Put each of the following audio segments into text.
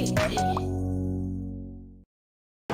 Yeah.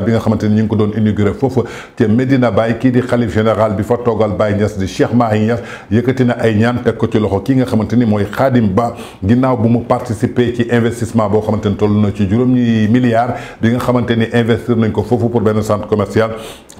spéciale bi nga xamanteni ni ñu ngi ko doon inaugurer fofu te Medina Baye ki di khalife général bi fa togal Baye Niass di Cheikh Mahi Niass yëkëti na ay ñaan teg ko ci loxo ki nga xamanteni moy Khadim Ba ginnaw bu mu participer ci investissement bo xamanteni ni na ci juroom ñi milliards bi nga xamanteni ni investir nañ ko foofu pour ben centre commercial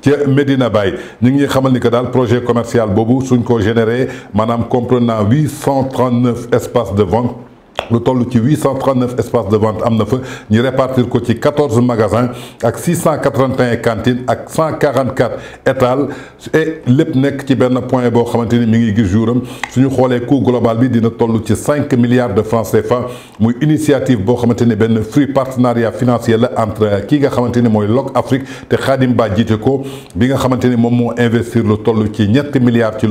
ci Medina Baye ñu ngi xamal ni que dal projet commercial bobu suñ ko généré manam comprenant 839 espaces de vente nous avons 839 espaces de vente nous 9 répartir 14 magasins avec 681 cantines avec 144 étals et lépp qui ci benn point de vue, mi ngi coût global bi dina 5 milliards de francs CFA Nous initiative qui est fruit partenariat financier entre kii et l'Afrique et Afrique te Khadim Ba Nous avons investi nga investir le milliards ci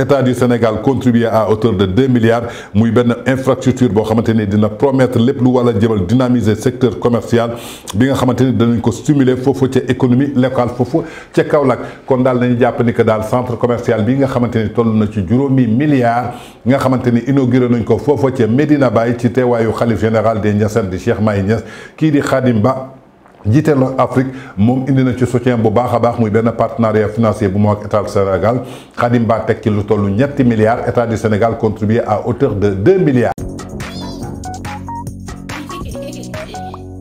état du Sénégal contribue à hauteur de 2 milliards infrastructure loo ni dina promettre lepp lu wala jëbal dynamiser secteur commercial bi nga xamante ni danañ ko stimuler fofu ci économie locale fofu ci Kaolack kon dal nañu japp ni que dal centre commercial bi nga xamante ni toll na ci juróomi milliards nga xamante ni inauguré nañ ko fofu Médina Medina Baye ci teewaayu xalif général des Niassène di Cheikh Mahi Niass kii di Khadim Ba jiite la Afrique moom indi na ci soutien bu baakha baax muy benn partenariat financier bu mo ak état du Sénégal Khadim Ba tek ci lu tollu ñetti milliards état du Sénégal contribué à hauteur de 2 milliards. Hehehehe